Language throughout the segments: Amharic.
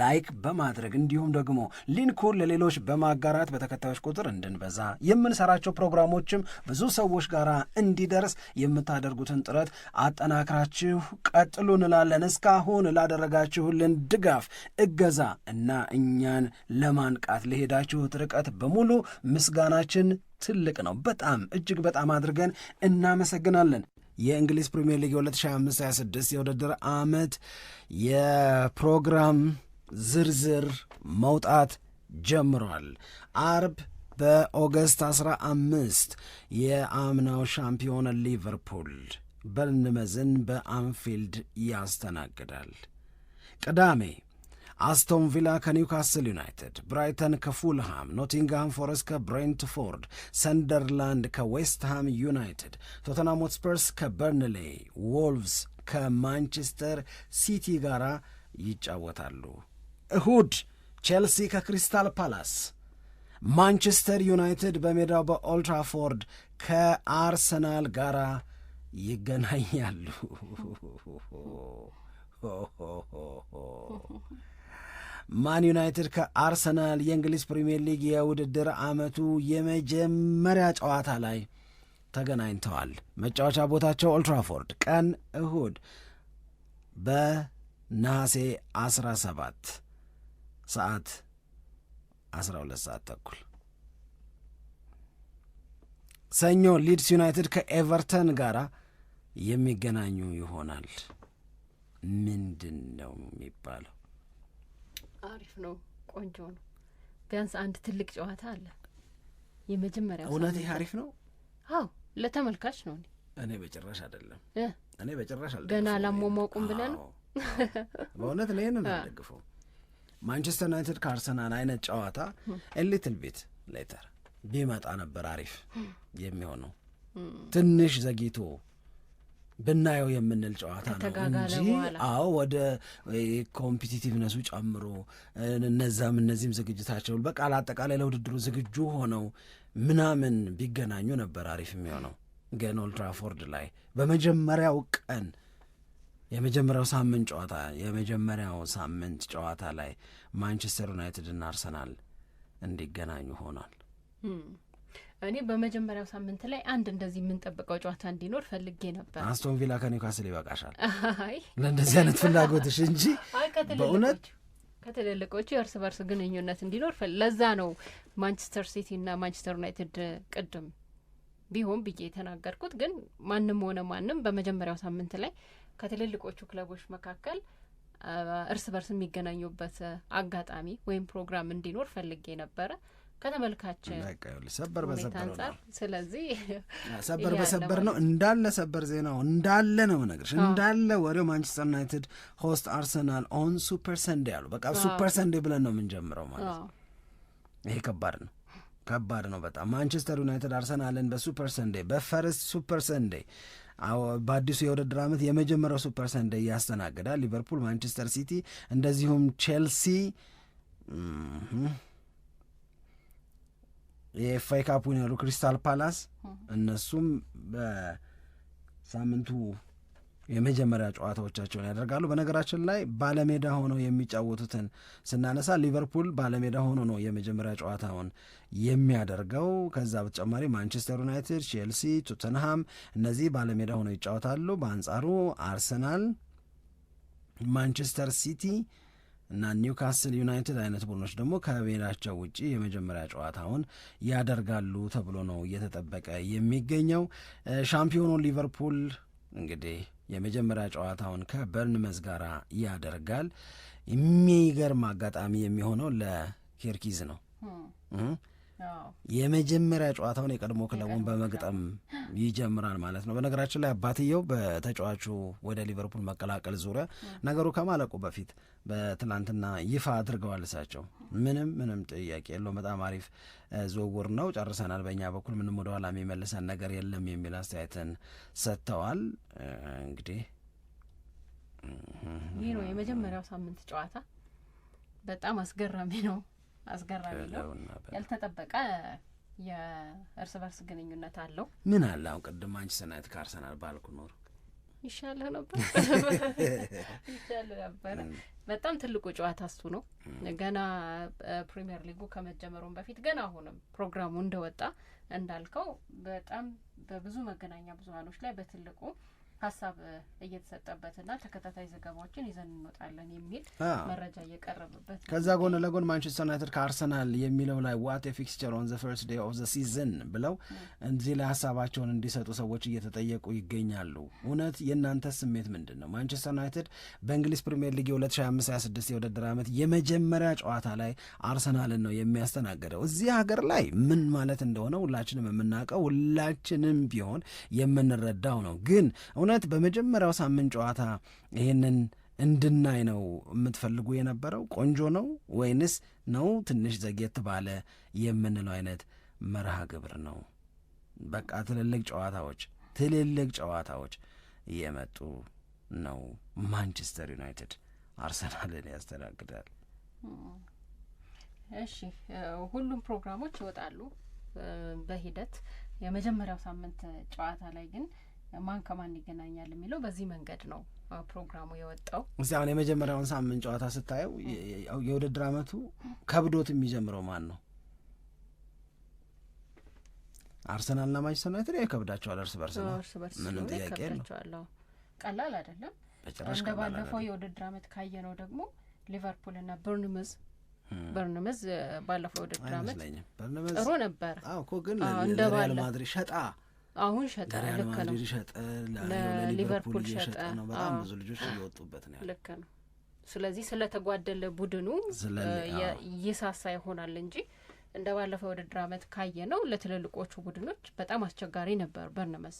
ላይክ በማድረግ እንዲሁም ደግሞ ሊንኩን ለሌሎች በማጋራት በተከታዮች ቁጥር እንድንበዛ የምንሰራቸው ፕሮግራሞችም ብዙ ሰዎች ጋር እንዲደርስ የምታደርጉትን ጥረት አጠናክራችሁ ቀጥሉ እንላለን። እስካሁን ላደረጋችሁልን ድጋፍ፣ እገዛ እና እኛን ለማንቃት ለሄዳችሁት ርቀት በሙሉ ምስጋናችን ትልቅ ነው። በጣም እጅግ በጣም አድርገን እናመሰግናለን። የእንግሊዝ ፕሪምየር ሊግ የ2025/26 የውድድር ዓመት የፕሮግራም ዝርዝር መውጣት ጀምሯል። አርብ በኦገስት 15 የአምናው ሻምፒዮን ሊቨርፑል በርንመዝን በአንፊልድ ያስተናግዳል። ቅዳሜ አስቶን ቪላ ከኒውካስል ዩናይትድ፣ ብራይተን ከፉልሃም፣ ኖቲንግሃም ፎረስት ከብሬንትፎርድ፣ ሰንደርላንድ ከዌስትሃም ዩናይትድ፣ ቶተናም ሆትስፐርስ ከበርንሌ፣ ዎልቭስ ከማንቸስተር ሲቲ ጋር ይጫወታሉ። እሁድ ቼልሲ ከክሪስታል ፓላስ፣ ማንቸስተር ዩናይትድ በሜዳው በኦልትራፎርድ ከአርሰናል ጋር ይገናኛሉ። ማን ዩናይትድ ከአርሰናል የእንግሊዝ ፕሪምየር ሊግ የውድድር ዓመቱ የመጀመሪያ ጨዋታ ላይ ተገናኝተዋል። መጫወቻ ቦታቸው ኦልትራፎርድ፣ ቀን እሁድ በነሐሴ 17 ሰዓት 12 ሰዓት ተኩል ሰኞ ሊድስ ዩናይትድ ከኤቨርተን ጋር የሚገናኙ ይሆናል። ምንድን ነው የሚባለው? አሪፍ ነው፣ ቆንጆ ነው። ቢያንስ አንድ ትልቅ ጨዋታ አለ። የመጀመሪያ እውነት ይህ አሪፍ ነው። አዎ ለተመልካች ነው። እኔ በጭራሽ አይደለም፣ እኔ በጭራሽ አልደግፈውም። ገና አላሟሟቁም ነው? በእውነት እኔ ይህንን አልደግፈውም። ማንቸስተር ዩናይትድ ከአርሰናል አይነት ጨዋታ ኤሊትል ቤት ሌተር ቢመጣ ነበር አሪፍ የሚሆነው። ትንሽ ዘግይቶ ብናየው የምንል ጨዋታ ነው እንጂ አዎ፣ ወደ ኮምፒቲቲቭነሱ ጨምሮ እነዛም እነዚህም ዝግጅታቸው በቃል አጠቃላይ ለውድድሩ ዝግጁ ሆነው ምናምን ቢገናኙ ነበር አሪፍ የሚሆነው። ግን ኦልትራፎርድ ላይ በመጀመሪያው ቀን የመጀመሪያው ሳምንት ጨዋታ የመጀመሪያው ሳምንት ጨዋታ ላይ ማንቸስተር ዩናይትድና አርሰናል እንዲገናኙ ሆኗል። እኔ በመጀመሪያው ሳምንት ላይ አንድ እንደዚህ የምንጠብቀው ጨዋታ እንዲኖር ፈልጌ ነበር። አስቶን ቪላ ከኒውካስል ይበቃሻል ለእንደዚህ አይነት ፍላጎትሽ እንጂ በእውነት ከትልልቆቹ የእርስ በርስ ግንኙነት እንዲኖር ለዛ ነው ማንቸስተር ሲቲ እና ማንቸስተር ዩናይትድ ቅድም ቢሆን ብዬ የተናገርኩት ግን ማንም ሆነ ማንም በመጀመሪያው ሳምንት ላይ ከትልልቆቹ ክለቦች መካከል እርስ በርስ የሚገናኙበት አጋጣሚ ወይም ፕሮግራም እንዲኖር ፈልጌ ነበረ ከተመልካች ሰበር በሰበር ነው። ስለዚህ ሰበር በሰበር ነው እንዳለ ሰበር ዜናው እንዳለ ነው ነገርሽ እንዳለ ወሬው ማንቸስተር ዩናይትድ ሆስት አርሰናል ኦን ሱፐር ሰንዴ አሉ። በቃ ሱፐር ሰንዴ ብለን ነው የምንጀምረው ማለት ነው። ይሄ ከባድ ነው። ከባድ ነው በጣም ማንቸስተር ዩናይትድ አርሰናልን በሱፐር ሰንዴ በፈርስት ሱፐር ሰንዴ በአዲሱ የውድድር ዓመት የመጀመሪያው ሱፐር ሰንዴ ያስተናግዳል። ሊቨርፑል፣ ማንቸስተር ሲቲ እንደዚሁም ቼልሲ የኤፍአይ ካፑን ያሉ ክሪስታል ፓላስ እነሱም በሳምንቱ የመጀመሪያ ጨዋታዎቻቸውን ያደርጋሉ። በነገራችን ላይ ባለሜዳ ሆነው የሚጫወቱትን ስናነሳ ሊቨርፑል ባለሜዳ ሆኖ ነው የመጀመሪያ ጨዋታውን የሚያደርገው። ከዛ በተጨማሪ ማንቸስተር ዩናይትድ፣ ቼልሲ፣ ቶተንሃም እነዚህ ባለሜዳ ሆነው ይጫወታሉ። በአንጻሩ አርሰናል፣ ማንቸስተር ሲቲ እና ኒውካስል ዩናይትድ አይነት ቡድኖች ደግሞ ከሜዳቸው ውጭ የመጀመሪያ ጨዋታውን ያደርጋሉ ተብሎ ነው እየተጠበቀ የሚገኘው ሻምፒዮኑ ሊቨርፑል እንግዲህ የመጀመሪያ ጨዋታውን ከበርንመዝ ጋር ያደርጋል። የሚገርም አጋጣሚ የሚሆነው ለኪርኪዝ ነው። የመጀመሪያ ጨዋታውን የቀድሞ ክለቡን በመግጠም ይጀምራል ማለት ነው። በነገራችን ላይ አባትየው በተጫዋቹ ወደ ሊቨርፑል መቀላቀል ዙሪያ ነገሩ ከማለቁ በፊት በትናንትና ይፋ አድርገዋል። እሳቸው ምንም ምንም ጥያቄ የለው በጣም አሪፍ ዝውውር ነው፣ ጨርሰናል፣ በእኛ በኩል ምንም ወደ ኋላ የሚመልሰን ነገር የለም የሚል አስተያየትን ሰጥተዋል። እንግዲህ ይህ ነው የመጀመሪያው ሳምንት ጨዋታ። በጣም አስገራሚ ነው፣ አስገራሚ ነው። ያልተጠበቀ የእርስ በርስ ግንኙነት አለው። ምን አለ አሁን ቅድም ማንችስተር ስናየት ከአርሰናል ባልኩ ኖር ይሻለ ነበር ይሻልህ ነበረ። በጣም ትልቁ ጨዋታ እሱ ነው። ገና ፕሪሚየር ሊጉ ከመጀመሩን በፊት ገና አሁንም ፕሮግራሙ እንደወጣ እንዳልከው በጣም በብዙ መገናኛ ብዙሀኖች ላይ በትልቁ ሀሳብ እየተሰጠበትና ተከታታይ ዘገባዎችን ይዘን እንወጣለን የሚል መረጃ እየቀረበበት ከዛ ጎን ለጎን ማንቸስተር ዩናይትድ ከአርሰናል የሚለው ላይ ዋት ፊክስቸር ኦን ዘ ፈርስት ዴይ ኦፍ ዘ ሲዝን ብለው እዚህ ላይ ሀሳባቸውን እንዲሰጡ ሰዎች እየተጠየቁ ይገኛሉ። እውነት የእናንተ ስሜት ምንድን ነው? ማንቸስተር ዩናይትድ በእንግሊዝ ፕሪምየር ሊግ የ2526 የውድድር ዓመት የመጀመሪያ ጨዋታ ላይ አርሰናልን ነው የሚያስተናግደው። እዚህ ሀገር ላይ ምን ማለት እንደሆነ ሁላችንም የምናውቀው ሁላችንም ቢሆን የምንረዳው ነው ግን እውነት በመጀመሪያው ሳምንት ጨዋታ ይህንን እንድናይ ነው የምትፈልጉ የነበረው? ቆንጆ ነው ወይንስ ነው ትንሽ ዘግየት ባለ የምንለው አይነት መርሃ ግብር ነው? በቃ ትልልቅ ጨዋታዎች ትልልቅ ጨዋታዎች እየመጡ ነው። ማንቸስተር ዩናይትድ አርሰናልን ያስተናግዳል። እሺ ሁሉም ፕሮግራሞች ይወጣሉ በሂደት የመጀመሪያው ሳምንት ጨዋታ ላይ ግን ማን ከማን ይገናኛል የሚለው በዚህ መንገድ ነው ፕሮግራሙ የወጣው። እዚ አሁን የመጀመሪያውን ሳምንት ጨዋታ ስታየው የውድድር አመቱ ከብዶት የሚጀምረው ማን ነው? አርሰናልና ማንቸስተር ዩናይትድ ይከብዳቸዋል። እርስ በርስ ነው፣ ምንም ጥያቄ የለው። ቀላል አይደለም በጭራሽ። እንደ ባለፈው የውድድር አመት ካየ ነው ደግሞ ሊቨርፑል ና በርንምዝ በርንምዝ ባለፈው የውድድር አመት ጥሩ ነበር እኮ ግን እንደ ሪያል ማድሪድ ሸጣ አሁን ሸጠ። ለሪያል ማድሪድ ሸጠ፣ ለሊቨርፑል ሸጠ ነው። በጣም ብዙ ልጆች እየወጡበት ነው። ልክ ነው። ስለዚህ ስለተጓደለ ቡድኑ ይሳሳ ይሆናል እንጂ እንደ ባለፈው ውድድር ዓመት ካየ ነው ለትልልቆቹ ቡድኖች በጣም አስቸጋሪ ነበር። በርነመስ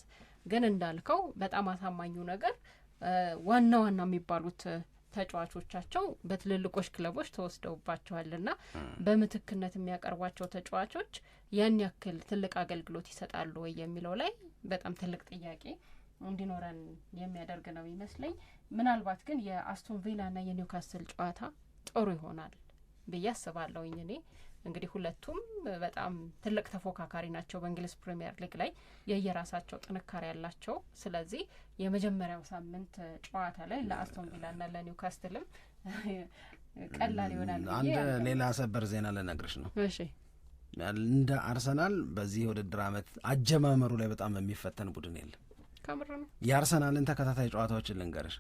ግን እንዳልከው በጣም አሳማኙ ነገር ዋና ዋና የሚባሉት ተጫዋቾቻቸው በትልልቆች ክለቦች ተወስደውባቸዋልና በምትክነት የሚያቀርቧቸው ተጫዋቾች ያን ያክል ትልቅ አገልግሎት ይሰጣሉ ወይ የሚለው ላይ በጣም ትልቅ ጥያቄ እንዲኖረን የሚያደርግ ነው ይመስለኝ። ምናልባት ግን የአስቶን ና የኒውካስል ጨዋታ ጥሩ ይሆናል ብዬ አስባለሁኝ እኔ እንግዲህ ሁለቱም በጣም ትልቅ ተፎካካሪ ናቸው በእንግሊዝ ፕሪምየር ሊግ ላይ የየራሳቸው ጥንካሬ ያላቸው። ስለዚህ የመጀመሪያው ሳምንት ጨዋታ ላይ ለአስቶን ና ለኒውካስትልም ቀላል ይሆናል። አንድ ሌላ ሰበር ዜና ልነግርሽ ነው። እሺ እንደ አርሰናል በዚህ የውድድር ዓመት አጀማመሩ ላይ በጣም የሚፈተን ቡድን የለም። የአርሰናልን ተከታታይ ጨዋታዎችን ልንገርሽ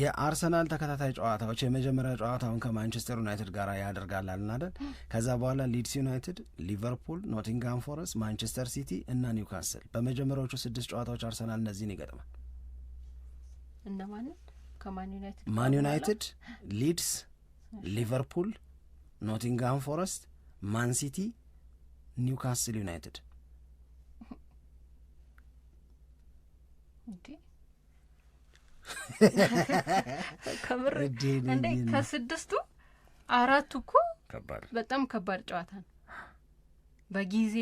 የአርሰናል ተከታታይ ጨዋታዎች የመጀመሪያ ጨዋታውን ከማንቸስተር ዩናይትድ ጋር ያደርጋል አይደል? ከዛ በኋላ ሊድስ ዩናይትድ፣ ሊቨርፑል፣ ኖቲንግሃም ፎረስት፣ ማንቸስተር ሲቲ እና ኒውካስል። በመጀመሪያዎቹ ስድስት ጨዋታዎች አርሰናል እነዚህን ይገጥማል። ማን ዩናይትድ፣ ሊድስ፣ ሊቨርፑል፣ ኖቲንግሃም ፎረስት፣ ማን ሲቲ፣ ኒውካስል ዩናይትድ ከምር እንዴ ከስድስቱ አራቱ እኮ በጣም ከባድ ጨዋታ ነው። በጊዜ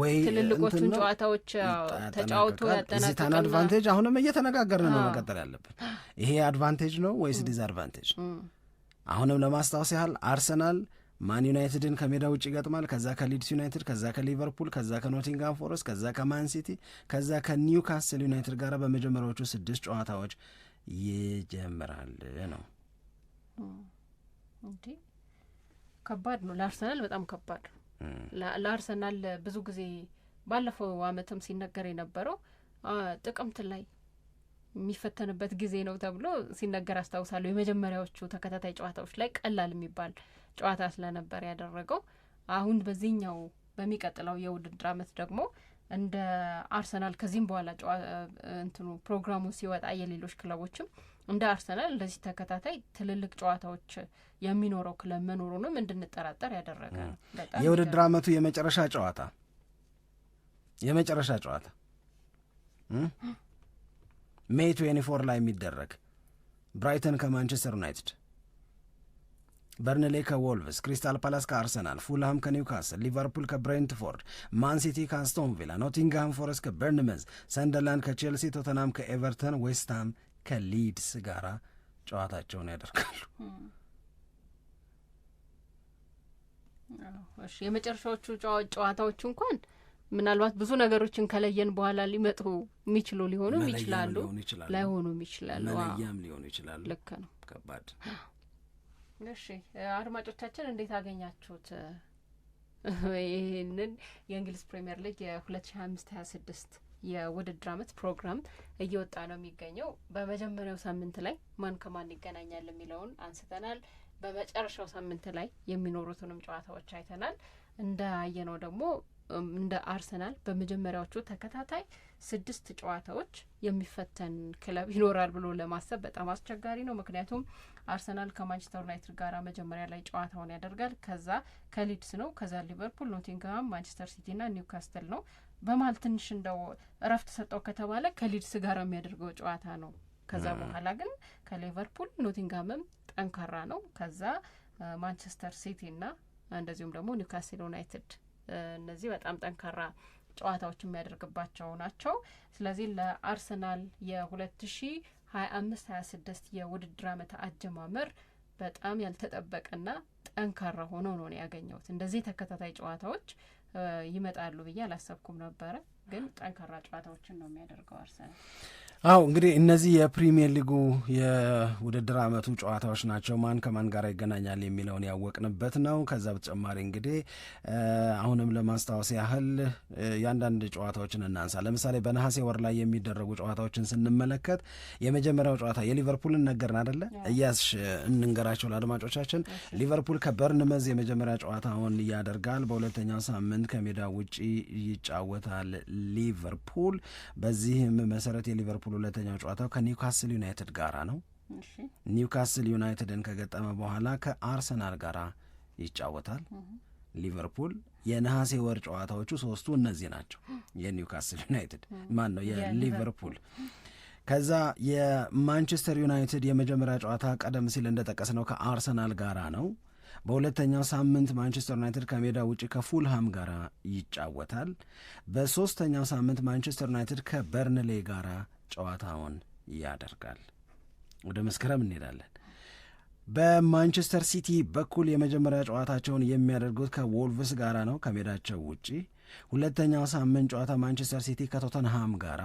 ወይ ትልልቆቹን ጨዋታዎች ተጫውቶ ያጠናቀቀና አድቫንቴጅ አሁንም እየተነጋገርን ነው መቀጠል ያለብን። ይሄ አድቫንቴጅ ነው ወይስ ዲዝ አድቫንቴጅ? አሁንም ለማስታወስ ያህል አርሰናል ማን ዩናይትድን ከሜዳ ውጭ ይገጥማል። ከዛ ከሊድስ ዩናይትድ፣ ከዛ ከሊቨርፑል፣ ከዛ ከኖቲንጋም ፎረስት፣ ከዛ ከማንሲቲ፣ ከዛ ከኒውካስል ዩናይትድ ጋር በመጀመሪያዎቹ ስድስት ጨዋታዎች ይጀምራል ነው። ከባድ ነው ለአርሰናል በጣም ከባድ ነው። ለአርሰናል ብዙ ጊዜ ባለፈው አመትም ሲነገር የነበረው ጥቅምት ላይ የሚፈተንበት ጊዜ ነው ተብሎ ሲነገር አስታውሳለሁ። የመጀመሪያዎቹ ተከታታይ ጨዋታዎች ላይ ቀላል የሚባል ጨዋታ ስለነበር ያደረገው። አሁን በዚህኛው በሚቀጥለው የውድድር አመት ደግሞ እንደ አርሰናል ከዚህም በኋላ እንትኑ ፕሮግራሙ ሲወጣ የሌሎች ክለቦችም እንደ አርሰናል እንደዚህ ተከታታይ ትልልቅ ጨዋታዎች የሚኖረው ክለብ መኖሩንም እንድንጠራጠር ያደረገ ነው። የውድድር አመቱ የመጨረሻ ጨዋታ የመጨረሻ ጨዋታ ሜይ ትዌንቲ ፎር ላይ የሚደረግ ብራይተን ከማንቸስተር ዩናይትድ በርንሌ ከዎልቭስ፣ ክሪስታል ፓላስ ከአርሰናል፣ ፉልሃም ከኒውካስል፣ ሊቨርፑል ከብሬንትፎርድ፣ ማንሲቲ ከአስቶን ቪላ፣ ኖቲንግሃም ፎረስት ከበርንመዝ፣ ሰንደርላንድ ከቼልሲ፣ ቶተናም ከኤቨርተን፣ ዌስትሃም ከሊድስ ጋራ ጨዋታቸውን ያደርጋሉ። የመጨረሻዎቹ ጨዋታዎች እንኳን ምናልባት ብዙ ነገሮችን ከለየን በኋላ ሊመጡ የሚችሉ ሊሆኑም ይችላሉ፣ ላይሆኑም ይችላሉ፣ መለያም ሊሆኑ ይችላሉ። ልክ ነው። ከባድ እሺ አድማጮቻችን እንዴት አገኛችሁት? ይህንን የእንግሊዝ ፕሪምየር ሊግ የ ሺ አምስት የውድድር አመት ፕሮግራም እየወጣ ነው የሚገኘው። በመጀመሪያው ሳምንት ላይ ማን ከማን ይገናኛል የሚለውን አንስተናል። በመጨረሻው ሳምንት ላይ የሚኖሩትንም ጨዋታዎች አይተናል። እንዳየነው ደግሞ እንደ አርሰናል በመጀመሪያዎቹ ተከታታይ ስድስት ጨዋታዎች የሚፈተን ክለብ ይኖራል ብሎ ለማሰብ በጣም አስቸጋሪ ነው። ምክንያቱም አርሰናል ከማንቸስተር ዩናይትድ ጋር መጀመሪያ ላይ ጨዋታውን ያደርጋል። ከዛ ከሊድስ ነው። ከዛ ሊቨርፑል፣ ኖቲንግሃም፣ ማንቸስተር ሲቲ ና ኒውካስትል ነው። በማል ትንሽ እንደው እረፍት ሰጠው ከተባለ ከሊድስ ጋር የሚያደርገው ጨዋታ ነው። ከዛ በኋላ ግን ከሊቨርፑል ኖቲንግሃምም ጠንካራ ነው። ከዛ ማንቸስተር ሲቲ ና እንደዚሁም ደግሞ ኒውካስትል ዩናይትድ እነዚህ በጣም ጠንካራ ጨዋታዎች የሚያደርግባቸው ናቸው። ስለዚህ ለአርሰናል የሁለት ሺ ሀያ አምስት ሀያ ስድስት የውድድር አመት አጀማመር በጣም ያልተጠበቀና ጠንካራ ሆኖ ነው ነው ያገኘሁት። እንደዚህ ተከታታይ ጨዋታዎች ይመጣሉ ብዬ አላሰብኩም ነበረ፣ ግን ጠንካራ ጨዋታዎችን ነው የሚያደርገው አርሰናል። አው እንግዲህ እነዚህ የፕሪሚየር ሊጉ የውድድር ዓመቱ ጨዋታዎች ናቸው። ማን ከማን ጋር ይገናኛል የሚለውን ያወቅንበት ነው። ከዛ በተጨማሪ እንግዲህ አሁንም ለማስታወስ ያህል የአንዳንድ ጨዋታዎችን እናንሳ። ለምሳሌ በነሐሴ ወር ላይ የሚደረጉ ጨዋታዎችን ስንመለከት የመጀመሪያው ጨዋታ የሊቨርፑልን ነገርን አደለ እያስሽ እንንገራቸው ለአድማጮቻችን። ሊቨርፑል ከበርንመዝ የመጀመሪያ ጨዋታውን ያደርጋል። በሁለተኛው ሳምንት ከሜዳ ውጪ ይጫወታል ሊቨርፑል። በዚህም መሰረት የሊቨርፑል ሊቨርፑል ሁለተኛው ጨዋታው ከኒውካስል ዩናይትድ ጋራ ነው። ኒውካስል ዩናይትድን ከገጠመ በኋላ ከአርሰናል ጋር ይጫወታል። ሊቨርፑል የነሐሴ ወር ጨዋታዎቹ ሶስቱ እነዚህ ናቸው። የኒውካስል ዩናይትድ ማን ነው የሊቨርፑል ከዛ የማንቸስተር ዩናይትድ የመጀመሪያ ጨዋታ ቀደም ሲል እንደጠቀስነው ከአርሰናል ጋራ ነው። በሁለተኛው ሳምንት ማንቸስተር ዩናይትድ ከሜዳ ውጭ ከፉልሃም ጋር ይጫወታል። በሶስተኛው ሳምንት ማንቸስተር ዩናይትድ ከበርንሌ ጋር ጨዋታውን ያደርጋል። ወደ መስከረም እንሄዳለን። በማንቸስተር ሲቲ በኩል የመጀመሪያ ጨዋታቸውን የሚያደርጉት ከዎልቭስ ጋራ ነው ከሜዳቸው ውጪ። ሁለተኛው ሳምንት ጨዋታ ማንቸስተር ሲቲ ከቶተንሃም ጋር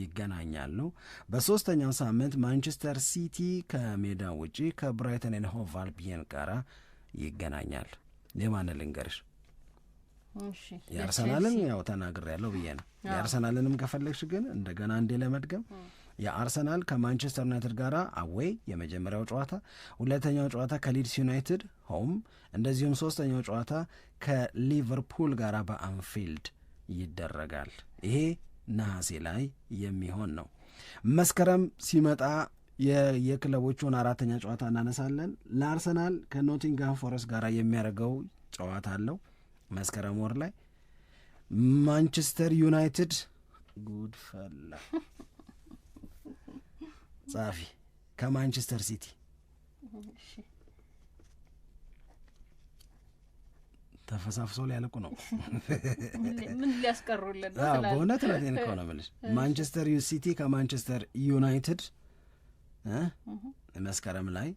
ይገናኛሉ። በሶስተኛው ሳምንት ማንቸስተር ሲቲ ከሜዳ ውጪ ከብራይተን ኤንድ ሆቭ አልቢየን ጋር ይገናኛል። የማን ልንገርሽ የአርሰናልን ያው ተናግር ያለው ብዬ ነው። የአርሰናልንም ከፈለግሽ ግን እንደገና እንዴ ለመድገም የአርሰናል ከማንቸስተር ዩናይትድ ጋር አዌይ የመጀመሪያው ጨዋታ፣ ሁለተኛው ጨዋታ ከሊድስ ዩናይትድ ሆም፣ እንደዚሁም ሶስተኛው ጨዋታ ከሊቨርፑል ጋር በአንፊልድ ይደረጋል። ይሄ ነሐሴ ላይ የሚሆን ነው። መስከረም ሲመጣ የክለቦቹን አራተኛ ጨዋታ እናነሳለን። ለአርሰናል ከኖቲንግሃም ፎረስት ጋር የሚያደርገው ጨዋታ አለው። መስከረም ወር ላይ ማንቸስተር ዩናይትድ ጉድ ፈላ ጸሐፊ ከማንቸስተር ሲቲ ተፈሳፍሶ ሊያለቁ ነው። ምን ሊያስቀሩልን በእውነት ላጤን ነው ምልሽ ማንቸስተር ሲቲ ከማንቸስተር ዩናይትድ መስከረም ላይ፣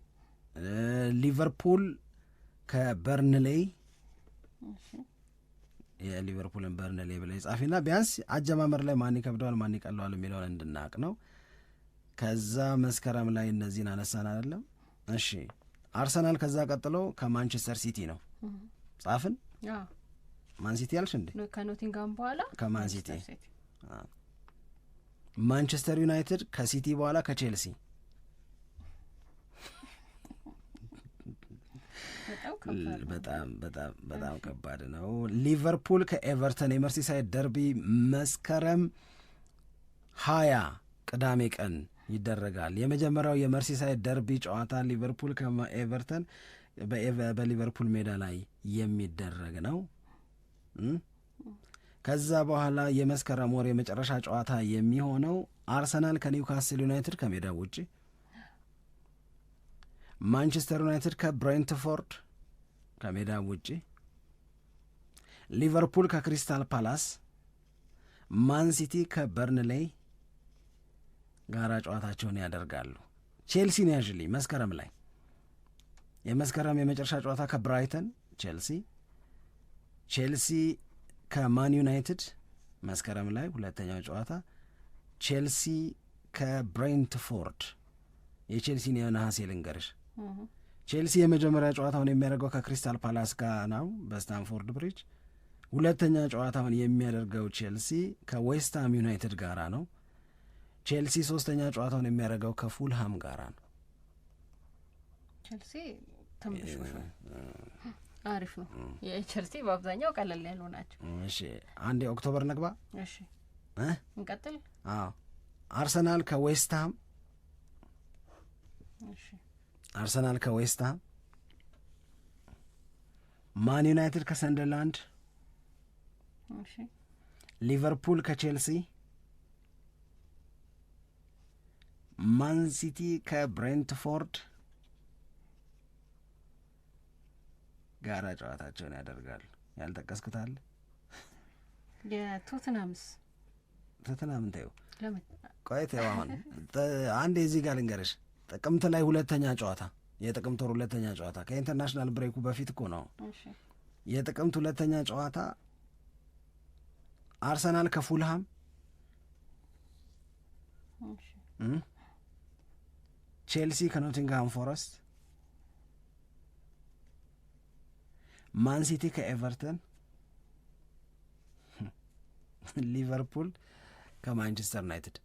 ሊቨርፑል ከበርንሌይ የሊቨርፑልን በርንሌ ብለህ ጻፊና ቢያንስ አጀማመር ላይ ማን ይከብደዋል ማን ይቀለዋል የሚለውን እንድናቅ ነው። ከዛ መስከረም ላይ እነዚህን አነሳን አይደለም? እሺ አርሰናል ከዛ ቀጥሎ ከማንቸስተር ሲቲ ነው ጻፍን። ማን ሲቲ ያልሽ እንዴ? ከኖቲንጋም በኋላ ከማን ሲቲ ማንቸስተር ዩናይትድ ከሲቲ በኋላ ከቼልሲ በጣም በጣም በጣም ከባድ ነው። ሊቨርፑል ከኤቨርተን የመርሲሳይድ ደርቢ መስከረም ሀያ ቅዳሜ ቀን ይደረጋል። የመጀመሪያው የመርሲሳይድ ደርቢ ጨዋታ ሊቨርፑል ከኤቨርተን በሊቨርፑል ሜዳ ላይ የሚደረግ ነው። ከዛ በኋላ የመስከረም ወር የመጨረሻ ጨዋታ የሚሆነው አርሰናል ከኒውካስል ዩናይትድ ከሜዳ ውጪ ማንቸስተር ዩናይትድ ከብሬንትፎርድ ከሜዳ ውጪ ሊቨርፑል ከክሪስታል ፓላስ፣ ማንሲቲ ከበርንሌይ ጋራ ጨዋታቸውን ያደርጋሉ። ቼልሲ ኒያዥሊ መስከረም ላይ የመስከረም የመጨረሻ ጨዋታ ከብራይተን ቼልሲ፣ ቼልሲ ከማን ዩናይትድ መስከረም ላይ ሁለተኛው ጨዋታ፣ ቼልሲ ከብሬንትፎርድ የቼልሲን የነሐሴ ልንገርሽ ቼልሲ የመጀመሪያ ጨዋታውን የሚያደርገው ከክሪስታል ፓላስ ጋር ነው በስታንፎርድ ብሪጅ። ሁለተኛ ጨዋታውን የሚያደርገው ቼልሲ ከዌስትሃም ዩናይትድ ጋር ነው። ቼልሲ ሶስተኛ ጨዋታውን የሚያደርገው ከፉልሃም ጋር ነው። ቼልሲ አሪፍ ነው። የቼልሲ በአብዛኛው ቀለል ያሉ ናቸው። እሺ አንዴ ኦክቶበር ነግባ። እሺ እንቀጥል። አዎ አርሰናል ከዌስትሃም አርሰናል ማን ዩናይትድ ከሰንደርላንድ፣ ሊቨርፑል ከቼልሲ፣ ማንሲቲ ከብሬንትፎርድ ጋራ ጨዋታቸውን ያደርጋሉ። ያልጠቀስክታል አለ? የቶትናምስ ቶትናምን ተይው፣ ቆይ ተይው። አሁን አንዴ እዚህ ጋር ልንገርሽ ጥቅምት ላይ ሁለተኛ ጨዋታ የጥቅምት ወር ሁለተኛ ጨዋታ ከኢንተርናሽናል ብሬኩ በፊት እኮ ነው። የጥቅምት ሁለተኛ ጨዋታ አርሰናል ከፉልሃም ቼልሲ ከኖቲንግሃም ፎረስት፣ ማንሲቲ ከኤቨርተን፣ ሊቨርፑል ከማንቸስተር ዩናይትድ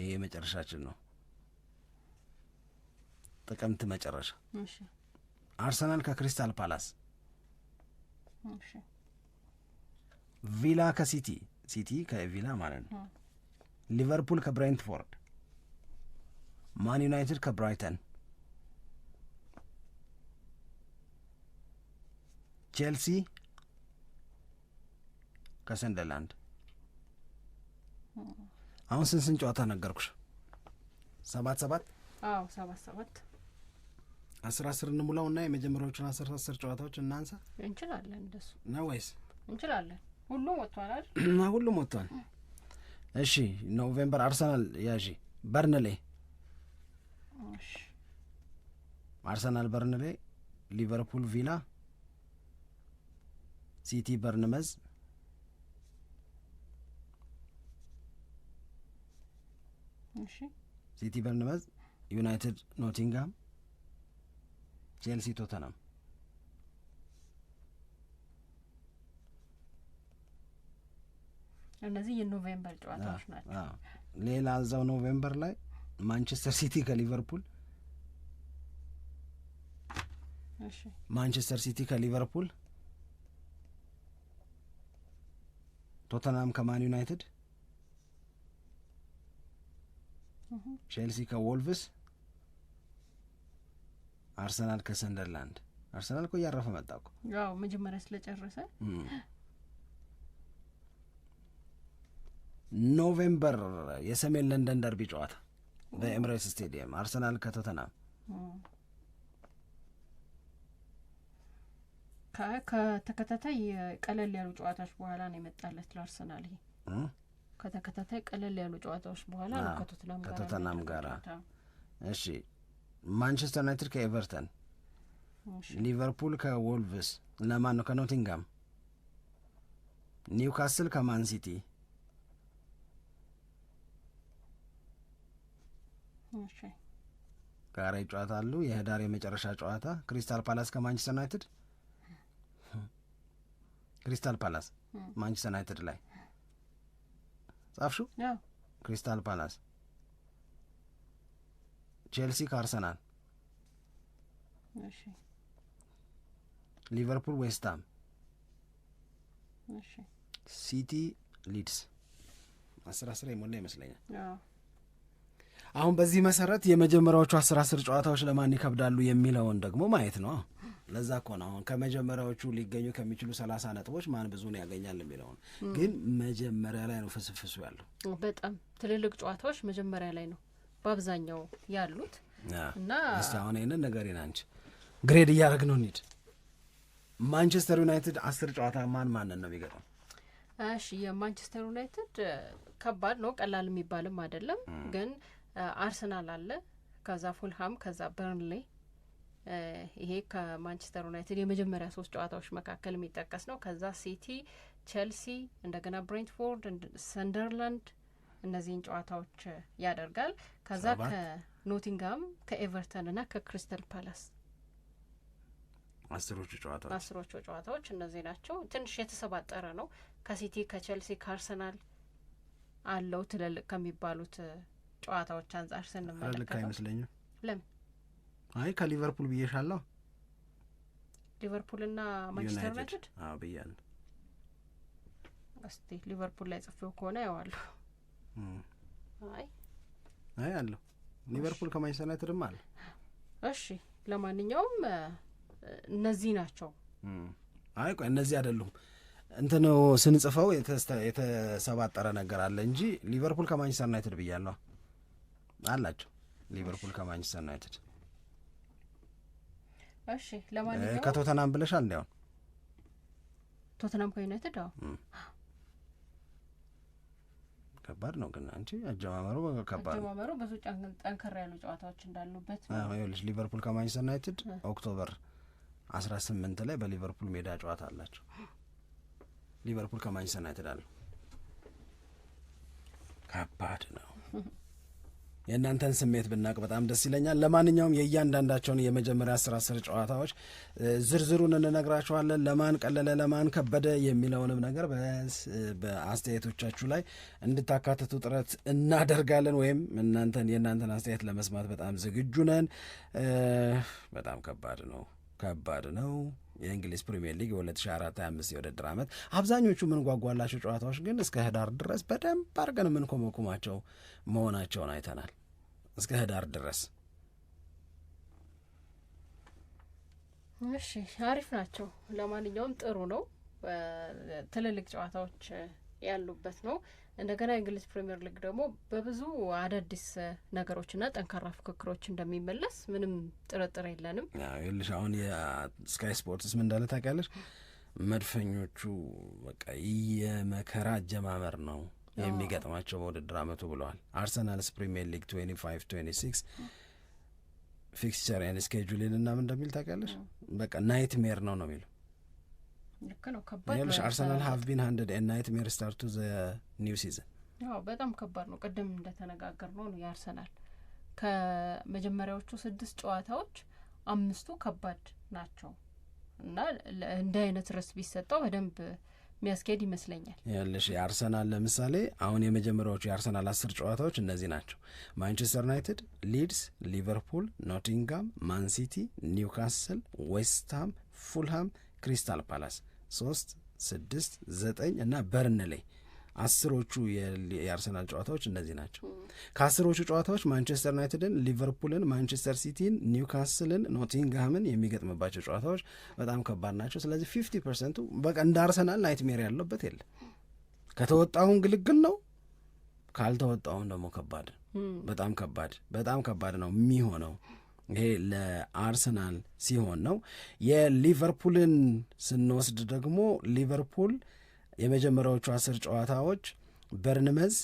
ይሄ የመጨረሻችን ነው፣ ጥቅምት መጨረሻ። አርሰናል ከክሪስታል ፓላስ፣ ቪላ ከሲቲ ሲቲ ከቪላ ማለት ነው። ሊቨርፑል ከብሬንትፎርድ፣ ማን ዩናይትድ ከብራይተን፣ ቼልሲ ከሰንደርላንድ አሁን ስንት ስንት ጨዋታ ነገርኩሽ? ሰባት ሰባት አዎ ሰባት ሰባት አስር አስር እንሙላው እና የመጀመሪያዎቹን አስር አስር ጨዋታዎች እናንሳ። እንችላለን እንደሱ ነው ወይስ እንችላለን? ሁሉም ወጥቷል አይደል? ሁሉም ወጥቷል። እሺ ኖቬምበር አርሰናል ያዢ በርንሌ፣ አርሰናል በርንሌ፣ ሊቨርፑል ቪላ፣ ሲቲ በርንመዝ ሲቲ በርንመዝ፣ ዩናይትድ ኖቲንግሃም፣ ቼልሲ ቶተናም እነዚህ የኖቬምበር ጨዋታዎች ናቸው። ሌላ እዛው ኖቬምበር ላይ ማንቸስተር ሲቲ ከሊቨርፑል ማንቸስተር ሲቲ ከሊቨርፑል፣ ቶተናም ከማን ዩናይትድ ቼልሲ ከዎልቭስ፣ አርሰናል ከሰንደርላንድ። አርሰናል እኮ እያረፈ መጣ እኮ መጀመሪያ ስለጨረሰ ኖቬምበር የሰሜን ለንደን ደርቢ ጨዋታ በኤምሬትስ ስቴዲየም አርሰናል ከቶተናም ከተከታታይ ቀለል ያሉ ጨዋታዎች በኋላ ነው የመጣለት ለአርሰናል ይሄ ከተከታታይ ቀለል ያሉ ጨዋታዎች በኋላ ነው ከቶትናም ከቶተናም ጋራ። እሺ ማንቸስተር ዩናይትድ ከኤቨርተን፣ ሊቨርፑል ከወልቭስ ለማን ነው ከኖቲንጋም፣ ኒውካስል ከማንሲቲ ጋራ ጨዋታ አሉ። የህዳር የመጨረሻ ጨዋታ ክሪስታል ፓላስ ከማንቸስተር ዩናይትድ፣ ክሪስታል ፓላስ ማንቸስተር ዩናይትድ ላይ ጣፍሹ ክሪስታል ፓላስ፣ ቼልሲ ከአርሰናል፣ ሊቨርፑል ዌስትሃም፣ ሲቲ ሊድስ። አስር አስር የሞላ ይመስለኛል። አሁን በዚህ መሰረት የመጀመሪያዎቹ አስር አስር ጨዋታዎች ለማን ይከብዳሉ የሚለውን ደግሞ ማየት ነው። ለዛ እኮ ነው አሁን ከመጀመሪያዎቹ ሊገኙ ከሚችሉ ሰላሳ ነጥቦች ማን ብዙን ያገኛል የሚለው ነው። ግን መጀመሪያ ላይ ነው ፍስፍሱ ያለው። በጣም ትልልቅ ጨዋታዎች መጀመሪያ ላይ ነው በአብዛኛው ያሉት እና አሁን ይህንን ነገር ናንች ግሬድ እያደረግ ነው እንሂድ። ማንቸስተር ዩናይትድ አስር ጨዋታ ማን ማንን ነው የሚገጥመው? እሺ የማንቸስተር ዩናይትድ ከባድ ነው፣ ቀላል የሚባልም አይደለም። ግን አርሰናል አለ፣ ከዛ ፉልሃም፣ ከዛ በርንሌ ይሄ ከማንቸስተር ዩናይትድ የመጀመሪያ ሶስት ጨዋታዎች መካከል የሚጠቀስ ነው። ከዛ ሲቲ፣ ቼልሲ፣ እንደገና ብሬንትፎርድ፣ ሰንደርላንድ እነዚህን ጨዋታዎች ያደርጋል። ከዛ ከኖቲንጋም ከኤቨርተን እና ከክሪስተል ፓላስ አስሮቹ ጨዋታዎች አስሮቹ ጨዋታዎች እነዚህ ናቸው። ትንሽ የተሰባጠረ ነው። ከሲቲ ከቼልሲ ከአርሰናል አለው ትልልቅ ከሚባሉት ጨዋታዎች አንጻር ስንመለከት አይመስለኝም። ለምን አይ ከሊቨርፑል ብዬሻለሁ። ሊቨርፑልና ማንቸስተር ዩናይትድ ብያለሁ። እስቲ ሊቨርፑል ላይ ጽፌው ከሆነ ያዋለሁ። አይ አይ አለሁ ሊቨርፑል ከማንቸስተር ዩናይትድም አለ። እሺ ለማንኛውም እነዚህ ናቸው። አይ ቆይ እነዚህ አይደሉም እንትን ነው ስንጽፈው የተሰባጠረ ነገር አለ እንጂ ሊቨርፑል ከማንቸስተር ዩናይትድ ብያለሁ አላቸው። ሊቨርፑል ከማንቸስተር ዩናይትድ እሺ ለማንኛውም ከቶተናም ብለሻል። እንዲያውም ቶተናም ከዩናይትድ አዎ፣ ከባድ ነው ግን አንቺ አጀማመሩ ከባድ አጀማመሩ ብዙ ጠንከር ያሉ ጨዋታዎች እንዳሉበት ልጅ ሊቨርፑል ከማንቸስተር ዩናይትድ ኦክቶበር አስራ ስምንት ላይ በሊቨርፑል ሜዳ ጨዋታ አላቸው። ሊቨርፑል ከማንቸስተር ዩናይትድ አለው። ከባድ ነው። የእናንተን ስሜት ብናውቅ በጣም ደስ ይለኛል። ለማንኛውም የእያንዳንዳቸውን የመጀመሪያ አስር አስር ጨዋታዎች ዝርዝሩን እንነግራችኋለን። ለማን ቀለለ ለማን ከበደ የሚለውንም ነገር በአስተያየቶቻችሁ ላይ እንድታካትቱ ጥረት እናደርጋለን። ወይም እናንተን የእናንተን አስተያየት ለመስማት በጣም ዝግጁ ነን። በጣም ከባድ ነው፣ ከባድ ነው። የእንግሊዝ ፕሪምየር ሊግ የ2425 የውድድር ዓመት አብዛኞቹ የምንጓጓላቸው ጨዋታዎች ግን እስከ ህዳር ድረስ በደንብ አድርገን የምንኮመኩማቸው መሆናቸውን አይተናል። እስከ ህዳር ድረስ እሺ፣ አሪፍ ናቸው። ለማንኛውም ጥሩ ነው። ትልልቅ ጨዋታዎች ያሉበት ነው። እንደገና የእንግሊዝ ፕሪምየር ሊግ ደግሞ በብዙ አዳዲስ ነገሮችና ጠንካራ ፉክክሮች እንደሚመለስ ምንም ጥርጥር የለንም። ይኸውልሽ አሁን የስካይ ስፖርትስ ምን እንዳለ ታውቂያለሽ? መድፈኞቹ በቃ የመከራ አጀማመር ነው የሚገጥማቸው በውድድር አመቱ ብለዋል። አርሰናልስ ፕሪምየር ሊግ 25 26 ፊክስቸር ኤንድ ስኬጁል ልና ምን እንደሚል ታውቂያለሽ? በቃ ናይትሜር ነው ነው የሚለው ልክ ነው። ከባድ ነው። አርሰናል ሀቭ ቢን ሀንድድ ሜር ስታርቱ ዘ ኒው ሲዝን። ያው በጣም ከባድ ነው። ቅድም እንደተነጋገር ነው የአርሰናል ከመጀመሪያዎቹ ስድስት ጨዋታዎች አምስቱ ከባድ ናቸው እና እንዲህ አይነት ርዕስ ቢሰጠው በደንብ የሚያስኬድ ይመስለኛል። ያለሽ የአርሰናል ለምሳሌ አሁን የመጀመሪያዎቹ የአርሰናል አስር ጨዋታዎች እነዚህ ናቸው። ማንቸስተር ዩናይትድ፣ ሊድስ፣ ሊቨርፑል፣ ኖቲንጋም፣ ማንሲቲ፣ ኒውካስል፣ ዌስትሃም፣ ፉልሃም፣ ክሪስታል ፓላስ ሶስት ስድስት ዘጠኝ እና በርንሌ አስሮቹ የአርሰናል ጨዋታዎች እነዚህ ናቸው። ከአስሮቹ ጨዋታዎች ማንቸስተር ዩናይትድን፣ ሊቨርፑልን፣ ማንቸስተር ሲቲን፣ ኒውካስልን፣ ኖቲንግሃምን የሚገጥምባቸው ጨዋታዎች በጣም ከባድ ናቸው። ስለዚህ ፊፍቲ ፐርሰንቱ በቃ እንደ አርሰናል ናይትሜር ያለበት የለ። ከተወጣሁን ግልግል ነው፣ ካልተወጣሁን ደግሞ ከባድ በጣም ከባድ በጣም ከባድ ነው የሚሆነው። ይሄ ለአርሰናል ሲሆን ነው። የሊቨርፑልን ስንወስድ ደግሞ ሊቨርፑል የመጀመሪያዎቹ አስር ጨዋታዎች በርንመዝ፣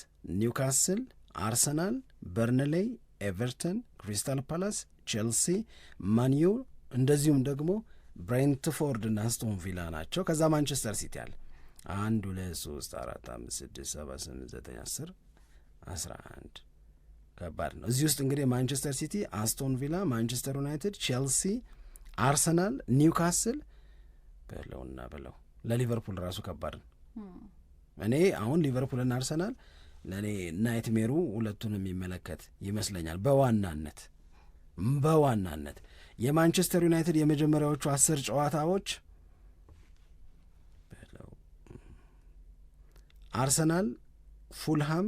ኒውካስል፣ አርሰናል፣ በርንሌይ፣ ኤቨርተን፣ ክሪስታል ፓላስ፣ ቼልሲ፣ ማንዩ እንደዚሁም ደግሞ ብሬንትፎርድ እና ስቶን ቪላ ናቸው። ከዛ ማንቸስተር ሲቲ አለ አንድ ሁለት ሶስት አራት አምስት ስድስት ሰባት ስምንት ዘጠኝ አስር አስራ አንድ ከባድ ነው። እዚህ ውስጥ እንግዲህ ማንቸስተር ሲቲ፣ አስቶን ቪላ፣ ማንቸስተር ዩናይትድ፣ ቼልሲ፣ አርሰናል፣ ኒውካስል በለውና በለው ለሊቨርፑል ራሱ ከባድ ነው። እኔ አሁን ሊቨርፑልና አርሰናል ለእኔ ናይትሜሩ ሁለቱን የሚመለከት ይመስለኛል። በዋናነት በዋናነት የማንቸስተር ዩናይትድ የመጀመሪያዎቹ አስር ጨዋታዎች አርሰናል፣ ፉልሃም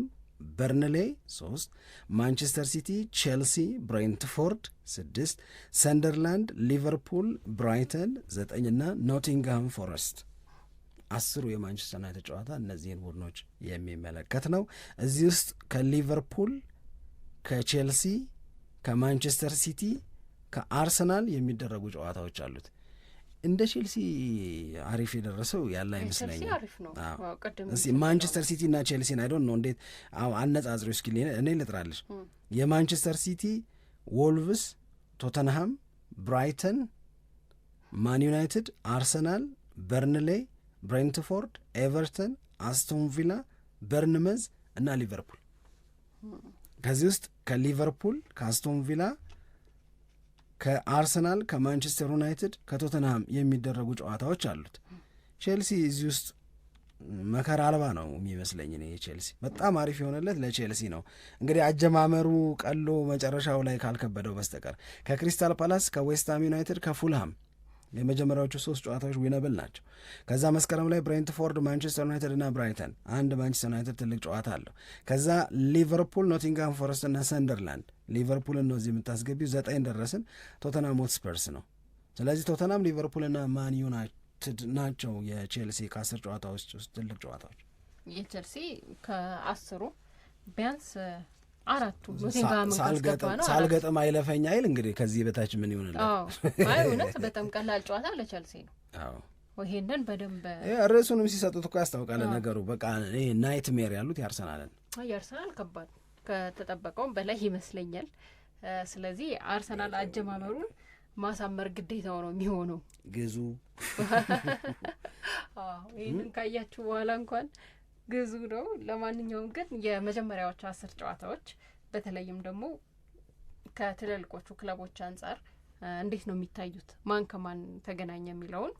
በርንሌ 3 ማንቸስተር ሲቲ፣ ቼልሲ፣ ብሬንትፎርድ 6 ሰንደርላንድ፣ ሊቨርፑል፣ ብራይተን 9 እና ኖቲንግሃም ፎረስት አስሩ የማንቸስተር ዩናይትድ ጨዋታ እነዚህን ቡድኖች የሚመለከት ነው። እዚህ ውስጥ ከሊቨርፑል፣ ከቼልሲ፣ ከማንቸስተር ሲቲ፣ ከአርሰናል የሚደረጉ ጨዋታዎች አሉት። እንደ ቼልሲ አሪፍ የደረሰው ያለ አይመስለኝም። ማንቸስተር ሲቲ እና ቼልሲን አይዶን ነው እንዴት አነጻጽሪ እስኪ እኔ ልጥራለች። የማንቸስተር ሲቲ፣ ወልቭስ፣ ቶተንሃም፣ ብራይተን፣ ማን ዩናይትድ፣ አርሰናል፣ በርንሌ፣ ብሬንትፎርድ፣ ኤቨርተን፣ አስቶን ቪላ፣ በርንመዝ እና ሊቨርፑል ከዚህ ውስጥ ከሊቨርፑል ከአስቶን ቪላ ከአርሰናል፣ ከማንቸስተር ዩናይትድ፣ ከቶተንሃም የሚደረጉ ጨዋታዎች አሉት። ቼልሲ እዚህ ውስጥ መከራ አልባ ነው የሚመስለኝ። እኔ ቼልሲ በጣም አሪፍ የሆነለት ለቼልሲ ነው እንግዲህ አጀማመሩ ቀሎ መጨረሻው ላይ ካልከበደው በስተቀር ከክሪስታል ፓላስ፣ ከዌስትሃም ዩናይትድ፣ ከፉልሃም የመጀመሪያዎቹ ሶስት ጨዋታዎች ዊነብል ናቸው። ከዛ መስከረም ላይ ብሬንትፎርድ፣ ማንቸስተር ዩናይትድ እና ብራይተን አንድ ማንቸስተር ዩናይትድ ትልቅ ጨዋታ አለው። ከዛ ሊቨርፑል፣ ኖቲንግሃም ፎረስት እና ሰንደርላንድ። ሊቨርፑልን ነው እዚህ የምታስገቢው። ዘጠኝ ደረስን። ቶተናም ሆትስፐርስ ነው። ስለዚህ ቶተናም ሊቨርፑልና ማን ዩናይትድ ናቸው የቼልሲ ከአስር ጨዋታዎች ውስጥ ትልቅ ጨዋታዎች የቼልሲ ከአስሩ ቢያንስ አራቱ ሳልገጥም አይለፈኝ አይል እንግዲህ ከዚህ በታች ምን ይሆንላል? እውነት በጣም ቀላል ጨዋታ ለቸልሲ ነው። ይሄንን በደንብ ርዕሱንም ሲሰጡት እኮ ያስታውቃል ነገሩ። በቃ ናይት ሜር ያሉት ያርሰናልን ያርሰናል ከባድ ከተጠበቀውም በላይ ይመስለኛል። ስለዚህ አርሰናል አጀማመሩን ማሳመር ግዴታው ነው የሚሆነው። ግዙ ይህንን ካያችሁ በኋላ እንኳን ግዙ ነው። ለማንኛውም ግን የመጀመሪያዎቹ አስር ጨዋታዎች በተለይም ደግሞ ከትልልቆቹ ክለቦች አንጻር እንዴት ነው የሚታዩት፣ ማን ከማን ተገናኘ የሚለውን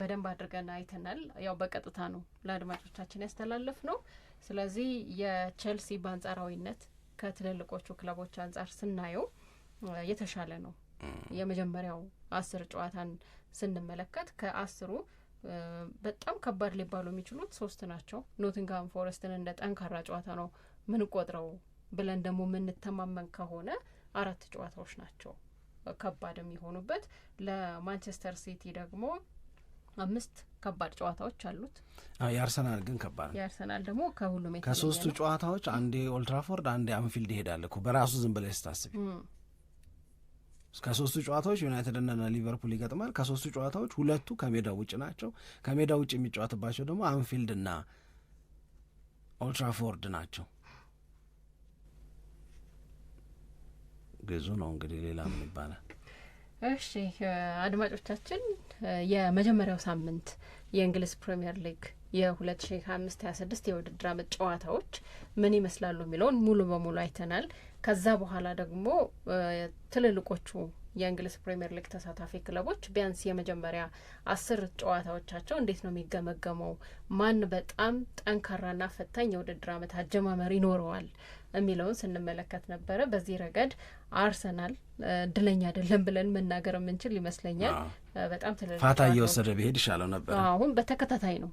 በደንብ አድርገን አይተናል። ያው በቀጥታ ነው ለአድማጮቻችን ያስተላለፍ ነው። ስለዚህ የቼልሲ በአንጻራዊነት ከትልልቆቹ ክለቦች አንጻር ስናየው የተሻለ ነው። የመጀመሪያው አስር ጨዋታን ስንመለከት ከአስሩ በጣም ከባድ ሊባሉ የሚችሉት ሶስት ናቸው። ኖቲንግሃም ፎረስትን እንደ ጠንካራ ጨዋታ ነው ምንቆጥረው ብለን ደግሞ የምንተማመን ከሆነ አራት ጨዋታዎች ናቸው ከባድ የሚሆኑበት። ለማንቸስተር ሲቲ ደግሞ አምስት ከባድ ጨዋታዎች አሉት። የአርሰናል ግን ከባድ ነው። የአርሰናል ደግሞ ከሁሉም ከሶስቱ ጨዋታዎች አንዴ ኦልትራፎርድ፣ አንዴ አንፊልድ ይሄዳል እኮ በራሱ ዝም ብለሽ ስታስቢ ከሶስቱ ጨዋታዎች ዩናይትድና ሊቨርፑል ይገጥማል። ከሶስቱ ጨዋታዎች ሁለቱ ከሜዳ ውጭ ናቸው። ከሜዳ ውጭ የሚጫወትባቸው ደግሞ አንፊልድና ኦልትራፎርድ ናቸው። ግዙ ነው እንግዲህ ሌላ ምን ይባላል? እሺ አድማጮቻችን፣ የመጀመሪያው ሳምንት የእንግሊዝ ፕሪምየር ሊግ የ2025/26 የውድድር አመት ጨዋታዎች ምን ይመስላሉ የሚለውን ሙሉ በሙሉ አይተናል። ከዛ በኋላ ደግሞ ትልልቆቹ የእንግሊዝ ፕሪምየር ሊግ ተሳታፊ ክለቦች ቢያንስ የመጀመሪያ አስር ጨዋታዎቻቸው እንዴት ነው የሚገመገመው? ማን በጣም ጠንካራና ፈታኝ የውድድር ዓመት አጀማመር ይኖረዋል የሚለውን ስንመለከት ነበረ። በዚህ ረገድ አርሰናል እድለኛ አይደለም ብለን መናገር የምንችል ይመስለኛል። በጣም ፋታ እየወሰደ ብሄድ ይሻለው ነበር። አሁን በተከታታይ ነው